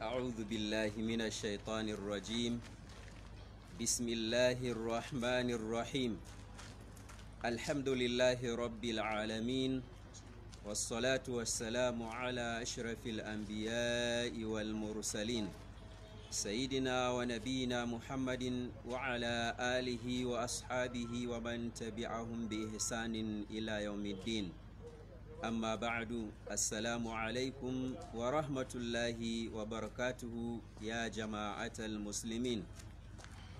أعوذ بالله من الشيطان الرجيم بسم الله الرحمن الرحيم الحمد لله رب العالمين والصلاة والسلام على أشرف الأنبياء والمرسلين سيدنا ونبينا محمد وعلى آله وأصحابه ومن تبعهم بإحسان إلى يوم الدين amma ba'adu assalamu alaikum wa rahmatullahi wa barakatuhu ya jama'atal muslimin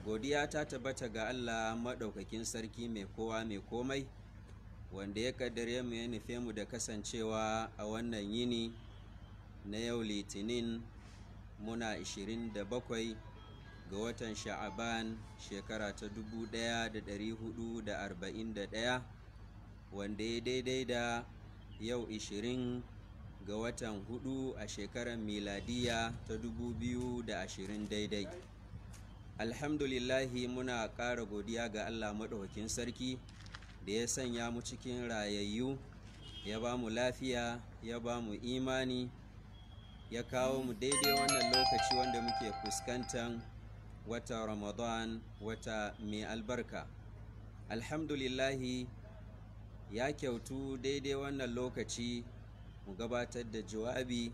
godiya ta tabbata ga allah maɗaukakin sarki mai kowa mai komai wanda ya kaddare mu ya nufe mu da kasancewa a wannan yini na yau litinin muna 27 ga watan sha'aban shekara ta 1441 wanda ya daidai da yau 20 ga watan 4 a shekarar miladiya ta dubu biyu da ashirin daidai alhamdulillahi muna ƙara godiya ga allah maɗaukin sarki da ya sanya mu cikin rayayyu ya ba mu lafiya ya ba mu imani ya kawo mu daidai wannan lokaci wanda muke fuskantan wata ramadan wata mai albarka alhamdulillahi ya kyautu daidai wannan lokaci mu gabatar da jawabi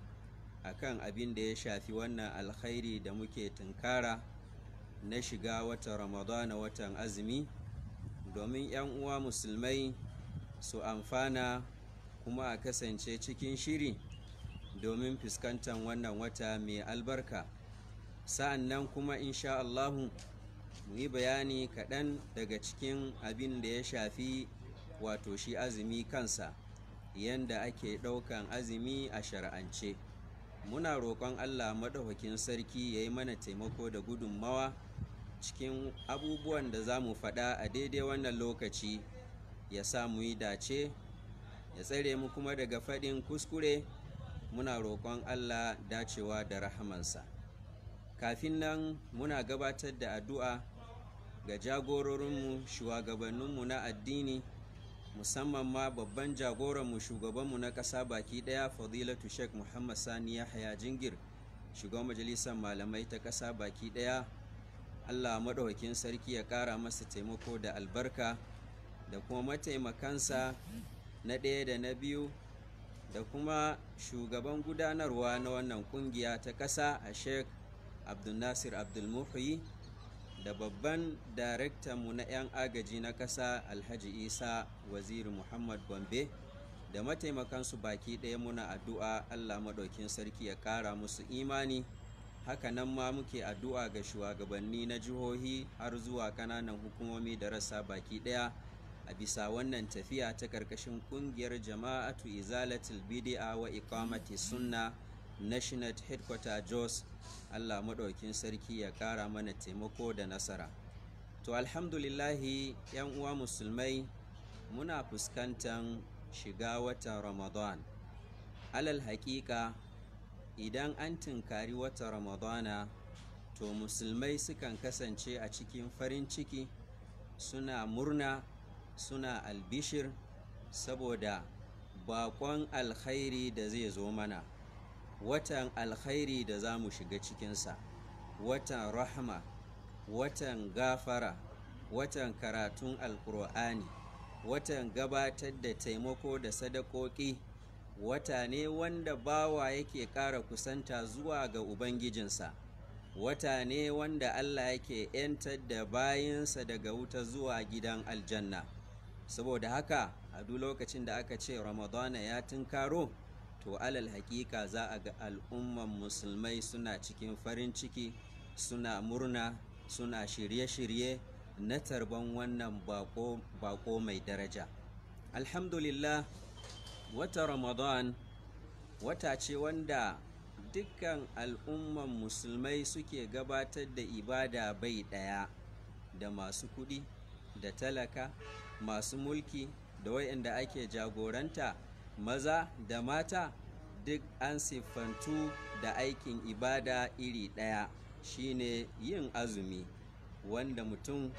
a kan abin da ya shafi wannan alkhairi da muke tunkara na shiga wata ramadana watan azumi domin 'yan uwa musulmai su amfana kuma a kasance cikin shiri domin fuskantar wannan wata mai albarka sa'an nan kuma insha Allahu mu yi bayani kaɗan daga cikin abin da ya shafi wato shi azumi kansa yanda ake ɗaukan azumi a shari'ance muna roƙon allah maɗaukakin sarki ya yi mana taimako da gudunmawa cikin abubuwan da za mu faɗa a daidai wannan lokaci ya sa mu yi dace ya tsare mu kuma daga faɗin kuskure muna roƙon allah dacewa da rahamansa kafin nan muna gabatar da addu'a ga jagororinmu shugabanninmu na addini musamman ma babban jagoranmu shugabanmu na ƙasa baki ɗaya fadilatu sheikh muhammad sani yahaya jingir shugaban majalisar malamai ta ƙasa baki ɗaya allah maɗaukakin sarki ya ƙara masa taimako da albarka da kuma mataimakansa na ɗaya da na biyu da kuma shugaban gudanarwa na wannan ƙungiya ta ƙasa a sheikh abdulnasir abdulmuhi da babban mu na 'yan agaji na ƙasa alhaji isa waziri muhammad gombe da mataimakansu baki ɗaya muna addu'a allah maɗaukin sarki ya ƙara musu imani haka nan ma muke addu'a ga shugabanni na jihohi har zuwa ƙananan hukumomi da rasa baki ɗaya a bisa wannan tafiya ta ƙarƙashin ƙungiyar jama'atu izalatul Bidi'a wa iqamati sunna national headquarter jos allah maɗaukin sarki ya ƙara mana taimako da nasara to alhamdulillahi yan uwa musulmai muna fuskantar shiga wata ramadan alal haƙiƙa idan an tunkari wata ramadana to musulmai sukan kasance a cikin farin ciki suna murna suna albishir saboda bakon alkhairi da zai zo mana watan alkhairi da za mu shiga cikinsa watan rahama watan gafara watan karatun alkur'ani watan gabatar da taimako da sadakoki wata ne wanda bawa yake ƙara kusanta zuwa ga ubangijinsa wata ne wanda allah yake 'yantar da bayansa daga wuta zuwa gidan aljanna saboda haka a duk lokacin da aka ce ramadana ya tunkaro to alal hakika za a ga al'umman musulmai suna cikin farin ciki suna murna suna shirye-shirye na tarban wannan bako mai daraja alhamdulillah wata ramadan wata ce wanda dukkan al'umman musulmai suke gabatar da ibada bai ɗaya da masu kuɗi da talaka masu mulki da wayanda ake jagoranta maza da mata duk an siffantu da aikin ibada iri ɗaya shine yin azumi wanda mutum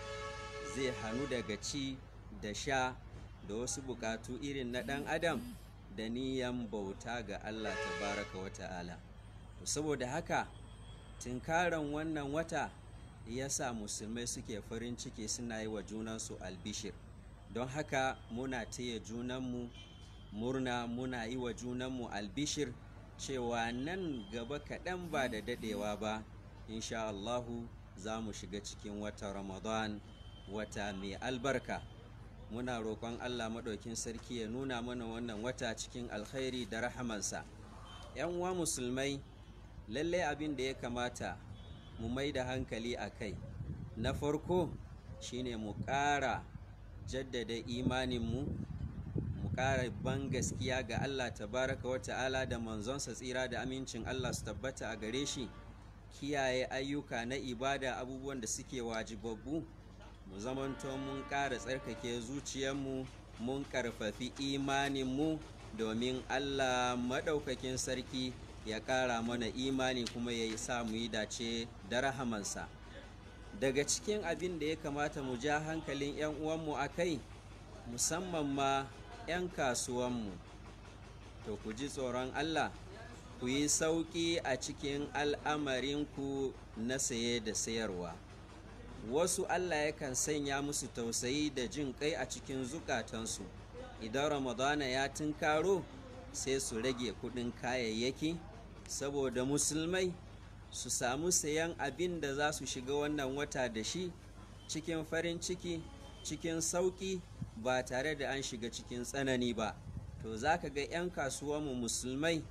zai hannu daga ci da sha da wasu bukatu irin na ɗan adam da niyan bauta ga allah tabaraka wa ta'ala saboda haka tunkaran wannan wata ya sa musulmai suke farin ciki suna yi wa junansu albishir don haka muna taya junanmu murna muna yi wa junanmu albishir cewa nan gaba kaɗan ba da daɗewa ba insha Allahu za mu shiga cikin wata ramadan wata mai albarka muna roƙon Allah maɗaukin sarki ya nuna mana wannan wata cikin alkhairi da rahamansa ‘yan uwa musulmai lallai abin da ya kamata mu mai da hankali a kai na farko shine mu ƙara jaddada imaninmu Kara ban gaskiya ga Allah tabaraka wa ta'ala da manzonsa tsira da amincin Allah su tabbata a gare shi kiyaye ayyuka na ibada abubuwan da suke wajibabbu mu zamanto mun ƙara tsarkake mu mun ƙarfafi mu, domin Allah maɗaukakin sarki ya ƙara mana imani kuma ya sa mu yi dace da rahamansa daga cikin abin da ya kamata mu ja hankalin 'yan uwanmu a kai musamman ma ‘yan kasuwanmu, to ku ji tsoron Allah, ku yi sauƙi a cikin al'amarinku na saye da sayarwa. Wasu Allah ya kan sanya musu tausayi da jin kai a cikin zukatansu, idan Ramadana ya tunkaro sai su rage kuɗin kayayyaki, saboda musulmai su samu sayan abin da za su shiga wannan wata da shi cikin farin ciki. cikin sauƙi ba tare da an shiga cikin tsanani ba to za ka ga 'yan kasuwanmu musulmai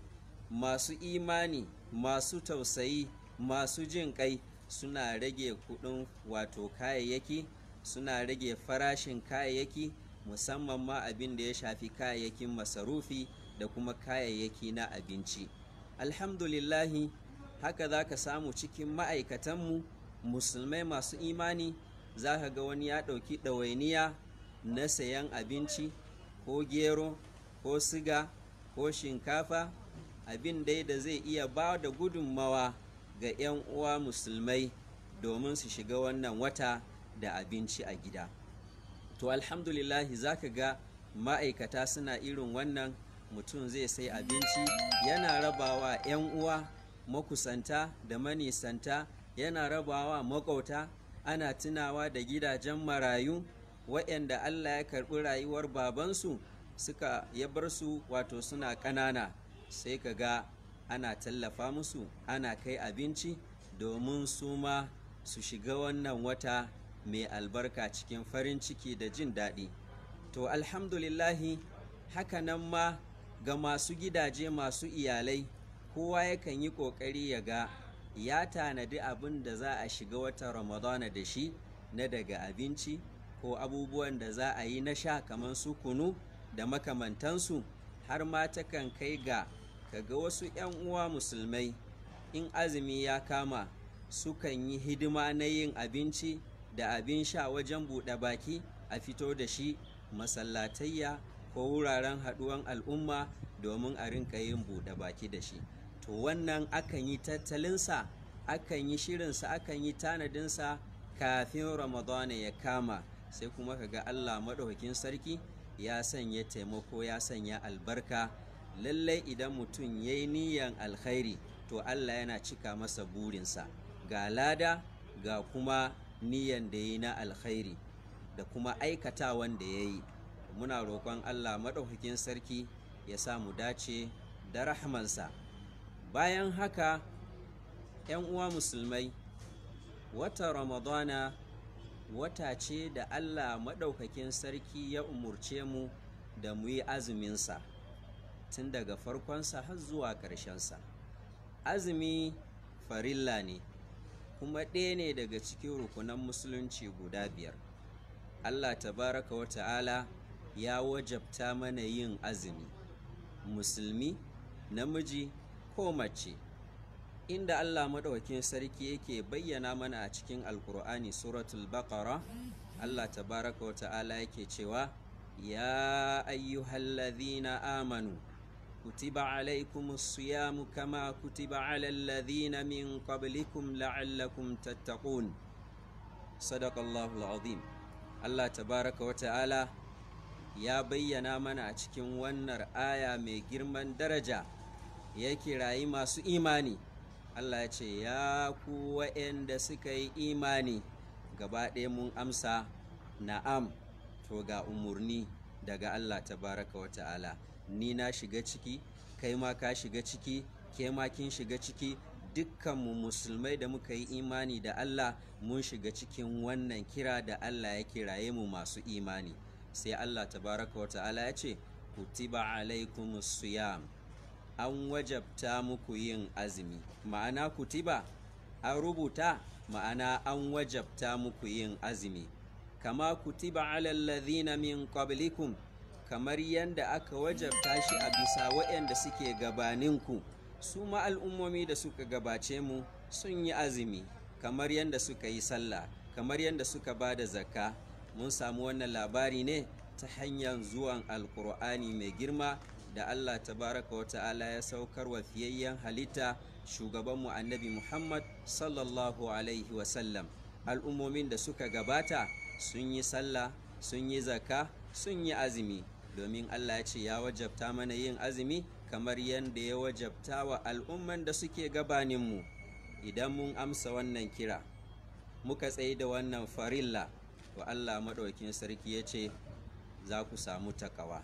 masu imani masu tausayi masu jin kai suna rage kudin wato kayayyaki suna rage farashin kayayyaki musamman ma abin da ya shafi kayayyakin masarufi da kuma kayayyaki na abinci alhamdulillahi haka za ka samu cikin ma'aikatanmu musulmai masu imani za ka ga wani ya ɗauki ɗawainiya na sayan abinci ko gero ko siga ko shinkafa abin dai da zai iya ba da gudunmawa ga 'yan uwa musulmai domin su shiga wannan wata da abinci a gida to alhamdulillahi za ka ga ma'aikata suna irin wannan mutum zai sai abinci yana rabawa 'yan uwa makusanta da manisanta yana rabawa makauta ana tunawa da gidajen marayu waɗanda Allah ya karɓi rayuwar babansu suka ya bar su wato suna ƙanana sai ka ga ana tallafa musu ana kai abinci domin su ma su shiga wannan wata mai albarka cikin farin ciki da jin daɗi to alhamdulillahi hakanan ma ga masu gidaje masu iyalai kowa yakan yi ƙoƙari ya ga ya tanadi abin da za a shiga wata ramadana da shi na daga abinci ko abubuwan da za a yi na sha kamar su kunu da makamantansu har ma takan kai ga kaga wasu 'yan uwa musulmai in azumi ya kama sukan yi hidima na yin abinci da abin sha wajen buɗe baki a fito da shi masallatayya ko wuraren haɗuwan al'umma domin a rinka yin buɗe baki da shi to wannan akan yi tattalinsa akan yi shirinsa akan yi tanadinsa kafin ramadana ya kama sai kuma ka ga allah maɗaukakin sarki ya sanya taimako ya sanya albarka lallai idan mutum ya yi niyan alkhairi to allah yana cika masa burinsa ga lada ga kuma niyan da yi na alkhairi da kuma aikata wanda ya yi muna roƙon allah maɗaukakin sarki ya samu dace da rahmansa bayan haka ‘yan uwa musulmai wata ramadana wata ce da allah maɗaukakin sarki ya umurce mu da mu yi azuminsa tun daga farkonsa har zuwa ƙarshensa azumi farilla ne kuma ɗaya ne daga cikin rukunan musulunci guda biyar allah tabaraka wa ta'ala ya wajabta mana yin azumi musulmi namiji ko mace inda Allah maɗaukin sarki yake bayyana mana a cikin alƙur'ani suratul baqara Allah tabaraka wa ta'ala yake cewa ya ayyuhallazina amanu kutiba alaikumus siyamu kama kutiba alal ladzina min qablikum la'allakum tattaqun sadaqallahul azim Allah tabaraka wa ta'ala ya bayyana mana a cikin wannan aya mai girman daraja ya kirayi masu imani Allah ya ce ya ku waɗanda suka yi imani gaba ɗaya mun amsa na'am to ga umarni daga Allah Ta baraka wa ta'ala ni na shiga ciki kai ma ka shiga ciki ke ma kin shiga ciki dukkan mu musulmai da muka yi imani da Allah mun shiga cikin wannan kira da Allah ya kiraye mu masu imani sai Allah Ta baraka wa ta'ala ya ce kutiba alaikumus siyam an wajabta muku yin azumi ma'ana kutiba an rubuta ma'ana an wajabta muku yin azumi kama kutiba alal ladhina min qablikum kamar yadda aka wajabta shi a bisa waɗanda suke gabaninku su ma al'ummomi da suka gabace mu sun yi azumi kamar yadda suka yi sallah kamar yadda suka ba da zakka mun samu wannan labari ne ta hanyar zuwan alkur'ani mai girma da Allah tabaraka wa ta'ala ya saukar wa fiyayyen halitta shugabanmu annabi Muhammad sallallahu alaihi wasallam al'ummomin da suka gabata sun yi sallah sun yi zaka sun yi azumi domin Allah ya ce ya wajabta mana yin azumi kamar yadda ya wajabta wa al'umman da suke gabaninmu idan mun amsa wannan kira muka tsaye da wannan farilla wa Allah maɗaukin sarki ya ce za ku samu takawa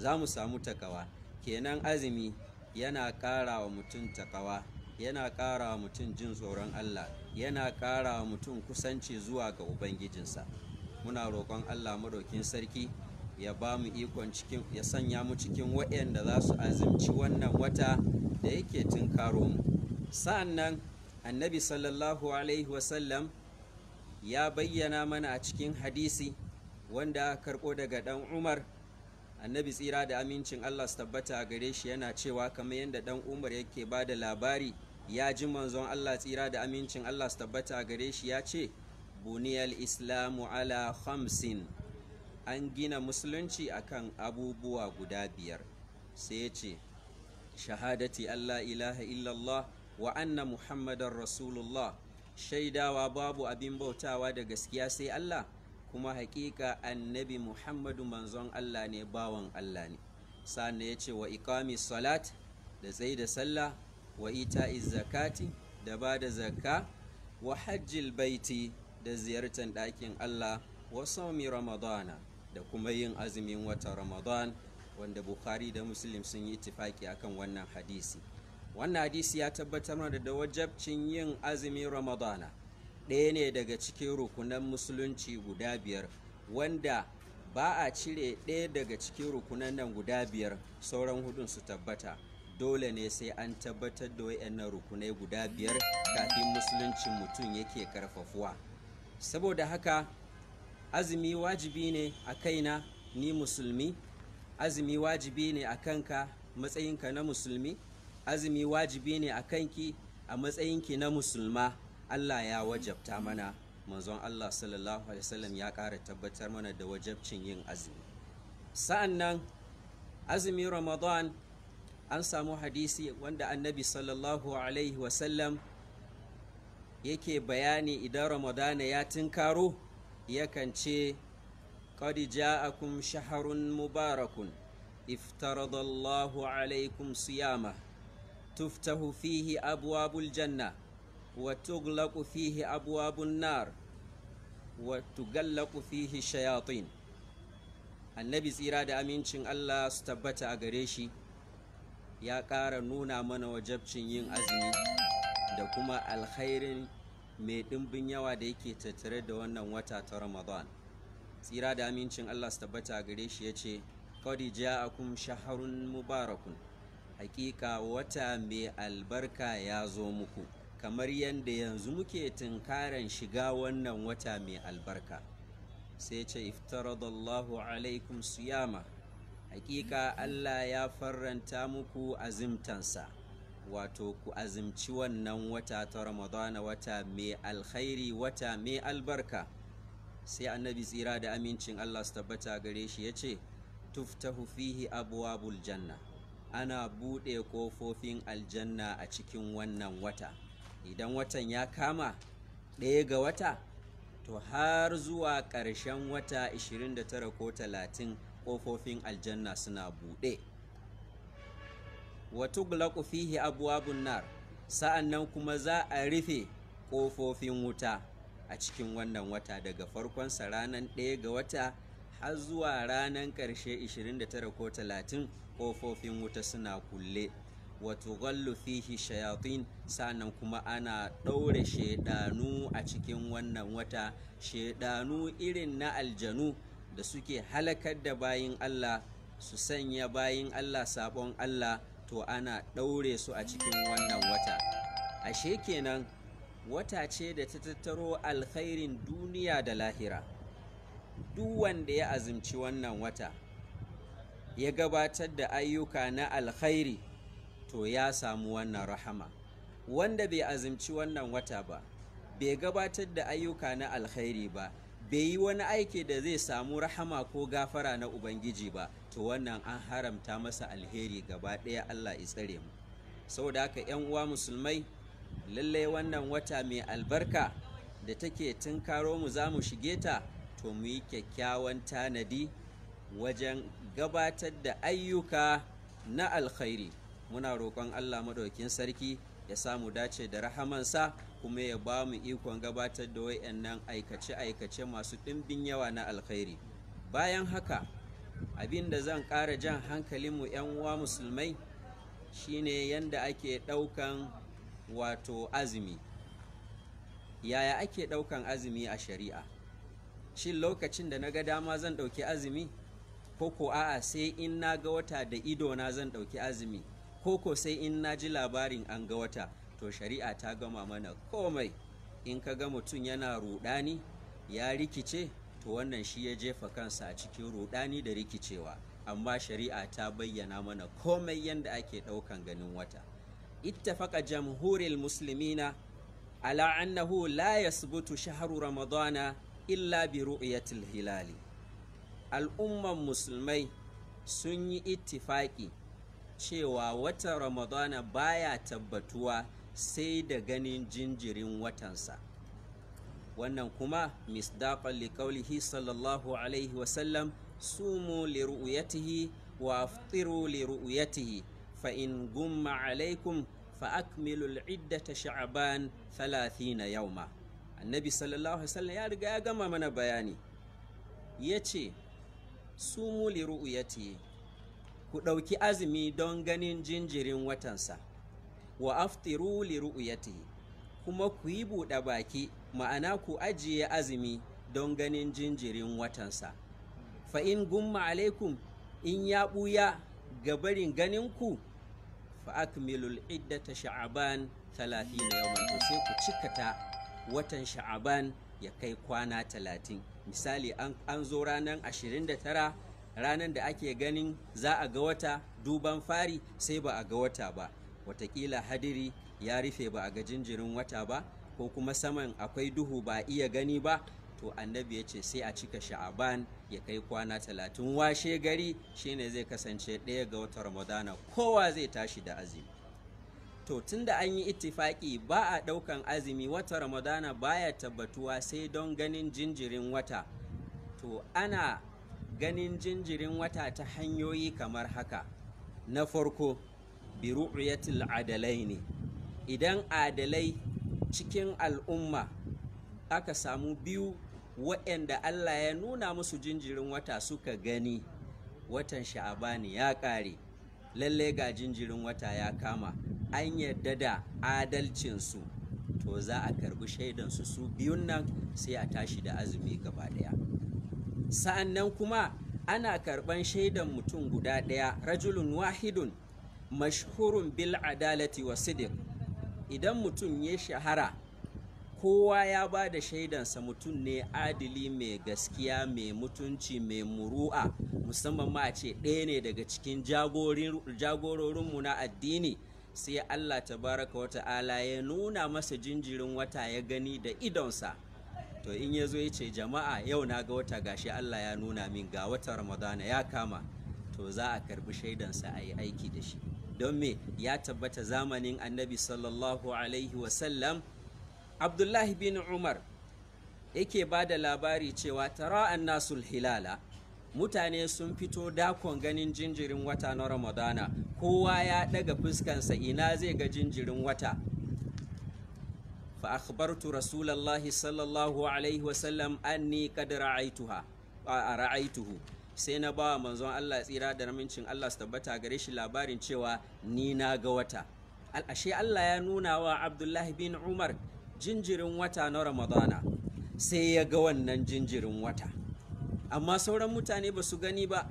za mu samu takawa kenan azumi yana ƙara wa mutum takawa yana ƙara wa mutum jin tsoron Allah yana ƙara wa mutum kusanci zuwa ga ubangijinsa muna roƙon Allah madaukin sarki ya ba mu ikon cikin ya sanya mu cikin waɗanda za su azumci wannan wata da yake karo mu sa'annan annabi sallallahu alaihi wasallam ya bayyana mana a cikin hadisi wanda karɓo daga ɗan umar annabi tsira da amincin allah su tabbata a gare shi yana cewa kamar yadda dan umar yake ba da labari ya ji manzon allah tsira da amincin allah su tabbata a gare shi ya ce buniyal islamu ala khamsin an gina musulunci akan abubuwa guda biyar sai ya ce shahadati allah ilaha illallah wa anna muhammadan rasulullah shaidawa babu abin bautawa da gaskiya sai allah kuma haƙiƙa annabi muhammadu manzon allah ne bawan allah ne sannan ya ce wa ikami salat da tsaye da sallah wa ita zakati da ba da zakka wa hajjil baiti da ziyartar ɗakin allah wa sami ramadana da kuma yin azumin wata ramadan wanda bukhari da muslim sun yi itifaki akan wannan hadisi wannan hadisi ya tabbatar da wajabcin yin azumin ramadana ɗaya ne daga cikin rukunan musulunci guda biyar wanda ba a cire ɗaya daga cikin rukunan nan guda biyar sauran hudun su tabbata dole ne sai an tabbatar da wayannan rukunai guda biyar kafin musuluncin mutum yake karfafuwa saboda haka azumi wajibi ne a kaina ni musulmi azumi wajibi ne a kanka matsayinka na musulmi azumi wajibi ne a kanki a matsayinki na musulma Allah ya wajabta mana manzon Allah sallallahu alaihi wasallam ya ƙara tabbatar mana da wajabcin yin azumi sa'an nan azumin ramadan an samu hadisi wanda annabi sallallahu alaihi wasallam yake bayani idan ramadana ya tinkaro yakan ce قد جاءكم شهر مبارك افترض الله عليكم صيامه تفتح فيه أبواب الجنة وتغلق annabi tsira da amincin Allah su tabbata a gare shi ya ƙara nuna mana wajabcin yin azumi da kuma alkhairin mai ɗimbin yawa da yake tattare da wannan wata ta ramadan tsira da amincin Allah su tabbata a gare shi ya ce kawai kun shaharun mubarakun hakika wata mai albarka ya zo muku kamar yadda yanzu muke tunkaran shiga wannan wata mai albarka sai ce iftaradallahu alaikum siyama hakika Allah ya faranta muku azimtansa wato ku azimci wannan wata ta ramadana wata mai alkhairi wata mai albarka sai annabi tsira da amincin Allah su tabbata gare shi ya ce tuftahu fihi abuwa janna ana buɗe kofofin aljanna a cikin wannan wata idan watan ya kama ɗaya ga wata to har zuwa ƙarshen wata 29 ko 30 ƙofofin aljanna suna buɗe wato gulaku fihi abuwa nar sa'an nan kuma za a rufe ƙofofin wuta a cikin wannan wata daga farkonsa ranar ɗaya ga wata har zuwa ranar ƙarshe 29 ko 30 ƙofofin wuta suna kulle wato gallu fihi shayatin sannan kuma ana ɗaure shaidanu a cikin wannan wata shaidanu irin na aljanu da suke halakar da bayin Allah su sanya bayin Allah sabon Allah to ana ɗaure su a cikin wannan wata ashe kenan wata ce da ta tattaro alkhairin duniya da lahira duk wanda ya azumci wannan wata ya gabatar da ayyuka na alkhairi to ya samu wannan rahama wanda bai azumci wannan wata ba bai gabatar da ayyuka na alkhairi ba bai yi wani aiki da zai samu rahama ko gafara na ubangiji ba to wannan an haramta masa alheri gaba ɗaya allah ya tsare mu saboda haka 'yan uwa musulmai lallai wannan wata mai albarka da take karo mu za mu shige ta to mu yi kyakkyawan tanadi wajen gabatar da ayyuka na alkhairi muna roƙon allah maɗaukin sarki ya samu dace da rahamansa kuma ya ba mu ikon gabatar da wayannan aikace-aikace masu ɗimbin yawa na alkhairi bayan haka abin da zan ƙara jan hankalinmu 'yan uwa musulmai shine yanda ake ɗaukan wato azumi yaya ake ɗaukan azumi a shari'a shin lokacin da na ga dama zan ɗauki azumi ko ko a'a sai in na ga wata da ido na zan ɗauki azumi koko sai in na ji labarin an ga wata to shari'a ta gama mana komai in ka ga mutum yana rudani ya rikice to wannan shi ya jefa kansa a cikin rudani da rikicewa amma shari'a ta bayyana mana komai yadda ake ɗaukan ganin wata ittafaqa jamhuril muslimina ala annahu la yasbutu shahru ramadana illa bi ru'yatil hilali al'umman musulmai sun yi ittifaki cewa watan ramadana baya tabbatuwa sai da ganin jinjirin watansa wannan kuma misdaqan liqaulihi sallallahu alaihi wasallam sumu li ru'yatihi wa aftiru li ru'yatihi fa in gumma alaikum fa akmilu al'iddata sha'ban 30 yawma annabi sallallahu alaihi wasallam ya riga ya gama mana bayani yace sumu li ru'yatihi ku ɗauki azumi don ganin jinjirin watansa wa aftiru li ru'yati kuma ku yi buɗe baki ma'ana ku ajiye azumi don ganin jinjirin watansa fa in gumma alaikum in ya ɓuya ga barin ganin ku? fa akmilul iddata sha'aban 30 yawman to sai ku cikata watan sha'aban ya kai kwana 30 misali an zo ranar 29 ranar da ake ganin za a ga wata duban fari sai ba a ga wata ba watakila hadiri ya rufe ba a ga jinjirin wata ba ko kuma saman akwai duhu ba a iya gani ba to annabi ya ce sai a cika sha'aban ya kai kwana talatin washe gari shine zai kasance ɗaya ga wata ramadana kowa zai tashi da azumi to tunda an yi ittifaki ba a ɗaukan azumi wata ramadana baya tabbatuwa sai don ganin jinjirin wata to ana ganin jinjirin wata ta hanyoyi kamar haka na farko biru'yatil adalai ne idan adalai cikin al'umma aka samu biyu waɗanda Allah ya nuna musu jinjirin wata suka gani watan sha'abani ya ƙare lalle ga jinjirin wata ya kama an yadda da adalcinsu to za a karbi shaidansu su biyun nan sai a tashi da azumi gaba ɗaya sa'annan kuma ana karɓan shaidan mutum guda ɗaya rajulun wahidun mashhurun bil adalati wa sidiq idan mutum ya shahara kowa ya ba da shaidansa mutum ne adili mai gaskiya mai mutunci mai muru'a musamman ma ce ɗaya ne daga cikin jagororinmu na addini sai allah tabaraka wata'ala ya nuna masa jinjirin wata ya gani da idonsa to in ya zo ya ce jama'a yau na ga wata gashi Allah ya nuna min ga wata ramadana ya kama to za a karbi shaidansa a yi aiki da shi don me ya tabbata zamanin annabi sallallahu alaihi wasallam abdullahi bin umar yake ba da labari cewa tara an nasul hilala mutane sun fito dakon ganin jinjirin wata na ramadana kowa ya daga fuskansa ina zai ga jinjirin wata فأخبرت رسول الله صلى الله عليه وسلم أني قد رأيتها رأيته sai na ba manzon Allah tsira da ramincin Allah su tabbata gare shi labarin cewa ni na ga wata ashe Allah ya nuna wa Abdullahi bin Umar jinjirin wata na Ramadana sai ya ga wannan jinjirin wata amma sauran mutane ba su gani ba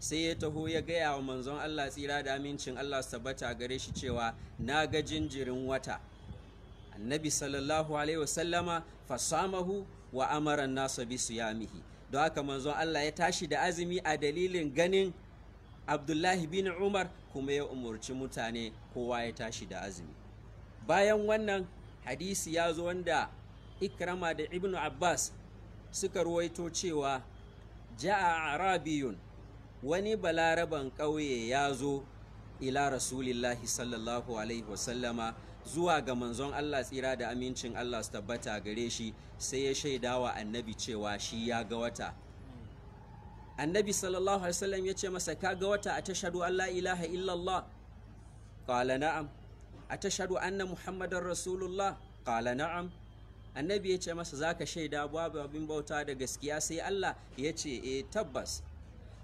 sai ya taho ya gaya wa manzon Allah tsira da amincin Allah su tabbata gare shi cewa na ga jinjirin wata annabi sallallahu alaihi wasallama fasamahu wa amara nasa bi siyamihi don haka manzon Allah ya tashi da azumi a dalilin ganin Abdullahi bin Umar kuma ya umurci mutane kowa ya tashi da azumi bayan wannan hadisi ya zo wanda ikrama da ibnu abbas suka ruwaito cewa ja'a arabiyun wani balaraban ƙauye ya zo ila rasulillahi sallallahu alaihi wasallama zuwa ga manzon Allah tsira da amincin Allah su tabbata gare shi sai ya shaida wa annabi cewa shi ya ga wata annabi sallallahu alaihi wasallam ya ce masa ka ga wata a tashadu Allah ilaha illallah Kala na'am a tashadu anna muhammadar rasulullah Kala na'am annabi ya ce masa za ka shaida babu abin bauta da gaskiya sai Allah ya ce e tabbas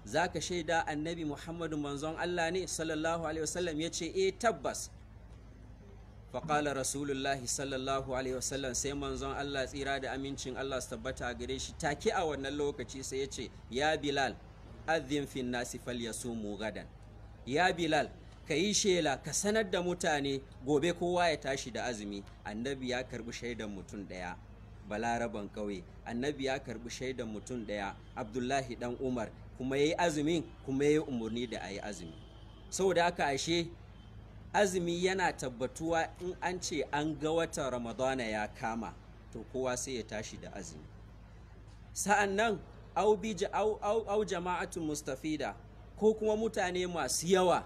Za ka shaida annabi muhammadu manzon Allah ne sallallahu alaihi wasallam ya ce e tabbas faƙala rasulullahi sallallahu alaihi wasallam sai manzon allah tsira da amincin allah su tabbata a gare shi take a wannan lokaci sai ya ce ya bilal azin fin nasi fal sumu gadan ya bilal ka yi shela ka sanar da mutane gobe kowa ya tashi da azumi annabi ya karbi shaidan mutum ɗaya balaraban ƙauye annabi ya karbi shaidan mutum ɗaya abdullahi dan umar kuma ya yi azumin kuma ya yi umarni da a yi azumi saboda haka ashe azumi yana tabbatuwa in an ce an ga watan ramadana ya kama to kowa sai ya tashi da azumi sa'an nan au jama'atun mustafida ko kuma mutane masu yawa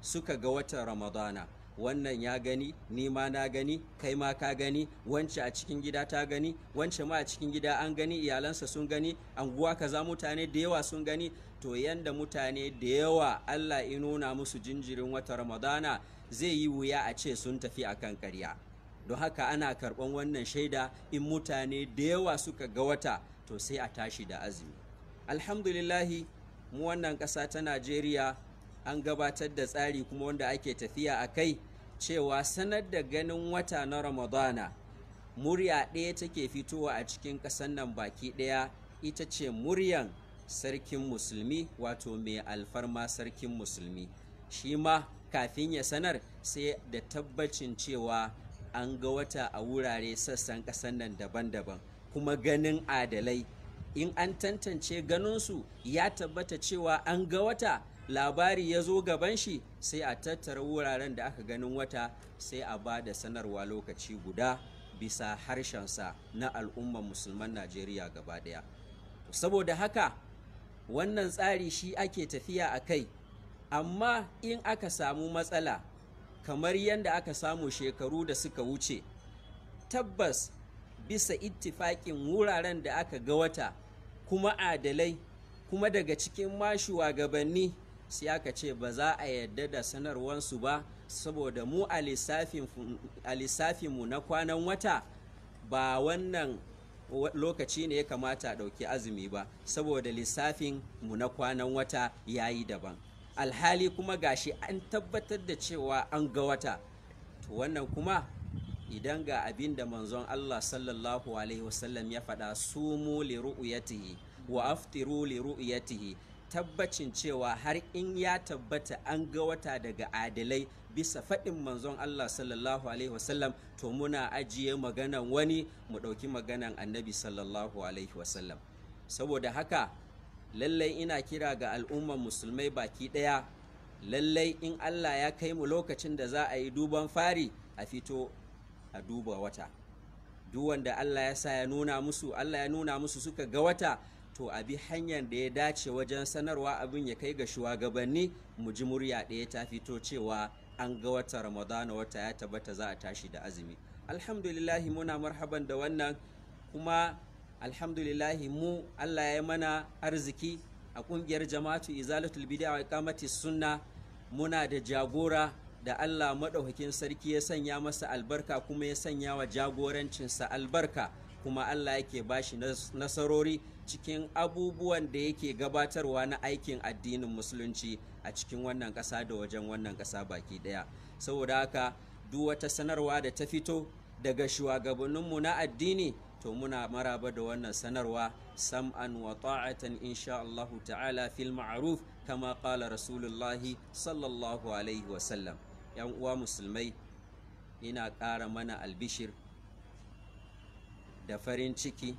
suka ga watan ramadana wannan ya gani ni ma na gani kai ma ka gani wance a cikin gida ta gani wance ma a cikin gida an gani iyalansa sun gani anguwa kaza mutane da yawa sun gani to yanda mutane da yawa Allah ya nuna musu jinjirin wata ramadana zai yi wuya a ce sun tafi akan karya don haka ana karɓan wannan shaida in mutane da yawa suka ga wata to sai a tashi da azumi alhamdulillahi mu wannan ƙasa ta najeriya an gabatar da tsari kuma wanda ake tafiya a kai cewa sanar da ganin wata na ramadana murya ɗaya take fitowa a cikin ƙasar nan baki ɗaya ita ce muryan sarkin musulmi wato mai alfarma sarkin musulmi shi ma kafin ya sanar sai da tabbacin cewa an ga wata a wurare sassan ƙasan nan daban-daban kuma ganin adalai in an tantance ganinsu ya tabbata cewa an ga wata labari ya zo gaban shi sai a tattara wuraren da aka ganin wata sai a ba da sanarwa lokaci guda bisa harshensa na al'ummar musulman najeriya gaba ɗaya saboda haka wannan tsari shi ake tafiya a kai amma in aka samu matsala kamar yadda aka samu shekaru da suka wuce tabbas bisa ittifaƙin wuraren da aka ga wata kuma adalai kuma daga cikin ma gabanni sai aka ce ba za a yadda da sanarwansu ba saboda mu a lissafinmu na kwanan wata ba wannan lokaci ne ya kamata a ɗauki azumi ba saboda lissafin mu na kwanan wata ya yi daban alhali kuma gashi an tabbatar da cewa an ga wata to wannan kuma idan ga abin da manzon Allah sallallahu alaihi wasallam ya faɗa sumu li ru'yatihi wa aftiru li ru'yatihi tabbacin cewa har in ya tabbata an ga wata daga adalai bisa faɗin manzon Allah sallallahu alaihi wasallam to muna ajiye maganan wani mu ɗauki maganan annabi sallallahu alaihi wasallam saboda haka lallai ina kira ga al'ummar musulmai baki ɗaya lallai in allah ya kai mu lokacin da za a yi duban fari a fito a duba wata Duwanda allah ya sa ya nuna musu allah ya nuna musu suka ga wata to a bi hanyar da ya dace wajen sanarwa abin ya kai ga shugabanni mu ji murya ɗaya ta fito cewa an ga wata ramadana wata ya tabbata za a tashi da azumi alhamdulillahi muna marhaban da wannan kuma alhamdulillahi mu Allah ya mana arziki a kungiyar jama'atu izalatul bid'a wa iqamati sunna muna da jagora da Allah madaukakin sarki ya sanya masa albarka kuma ya sanya wa jagorancinsa albarka kuma Allah yake bashi nasarori cikin abubuwan da yake gabatarwa na aikin addinin musulunci a cikin wannan ƙasa da wajen wannan ƙasa baki ɗaya saboda haka duk wata sanarwa da ta fito daga shugabanninmu na addini to muna maraba da wannan sanarwa sam'an wa ta'atan insha Allah ta'ala fil ma'ruf kama qala rasulullah sallallahu alaihi wa sallam yan uwa musulmai ina ƙara mana albishir da farin ciki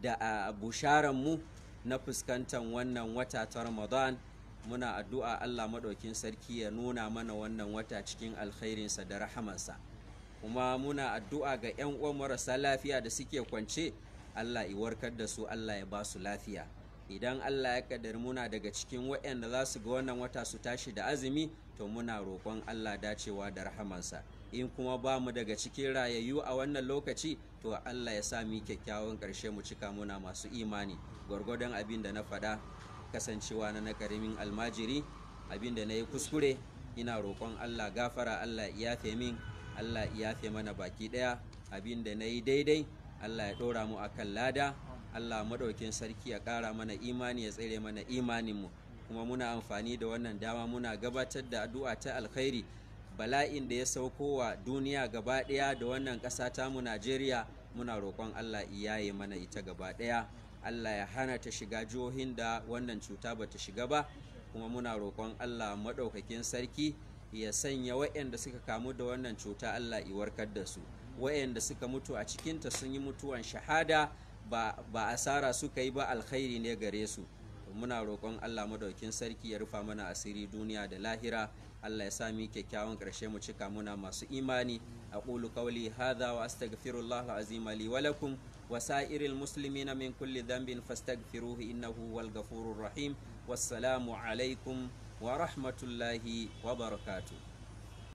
da a busharan mu na fuskantar wannan wata ta Ramadan muna addu'a Allah maɗaukin sarki ya nuna mana wannan wata cikin alkhairinsa da rahamansa kuma muna addu'a ga 'yan uwan marasa lafiya da suke kwance Allah i warkar da su Allah ya ba su lafiya idan Allah ya kaddar muna daga cikin waɗanda za su ga wannan wata su tashi da azumi to muna roƙon Allah dacewa da rahamansa in kuma ba mu daga cikin rayayyu a wannan lokaci to Allah ya sa mu kyakkyawan ƙarshe mu cika muna masu imani gwargwadon abin da na faɗa kasancewa na na ƙaramin almajiri abin da na yi kuskure ina roƙon Allah gafara Allah ya min Allah ya fi mana baki ɗaya abin da na yi daidai Allah ya ɗora mu akan lada Allah maɗaukin sarki ya ƙara mana imani ya tsere mana imaninmu kuma muna amfani da wannan dama muna gabatar da addu'a ta alkhairi bala'in da ya sauko wa duniya gaba ɗaya da wannan ƙasa tamu Najeriya muna roƙon Allah ya iyaye mana ita gaba ɗaya Allah ya hana ta shiga jihohin da wannan cuta bata shiga ba kuma muna roƙon Allah maɗaukakin sarki ya sanya waɗanda suka kamu da wannan cuta Allah i warkar da su waɗanda suka mutu a cikinta sun yi mutuwan shahada ba, asara suka yi ba alkhairi ne gare su muna roƙon Allah madaukin sarki ya rufa mana asiri duniya da lahira Allah ya sami kyakkyawan ƙarshe mu cika muna masu imani ƙulu kawali hadha wa astaghfirullah alazim li wa lakum wa sa'iril muslimina min kulli dhanbin fastaghfiruhu innahu wal ghafurur rahim wassalamu alaikum wa rahmatullahi wa barakatuh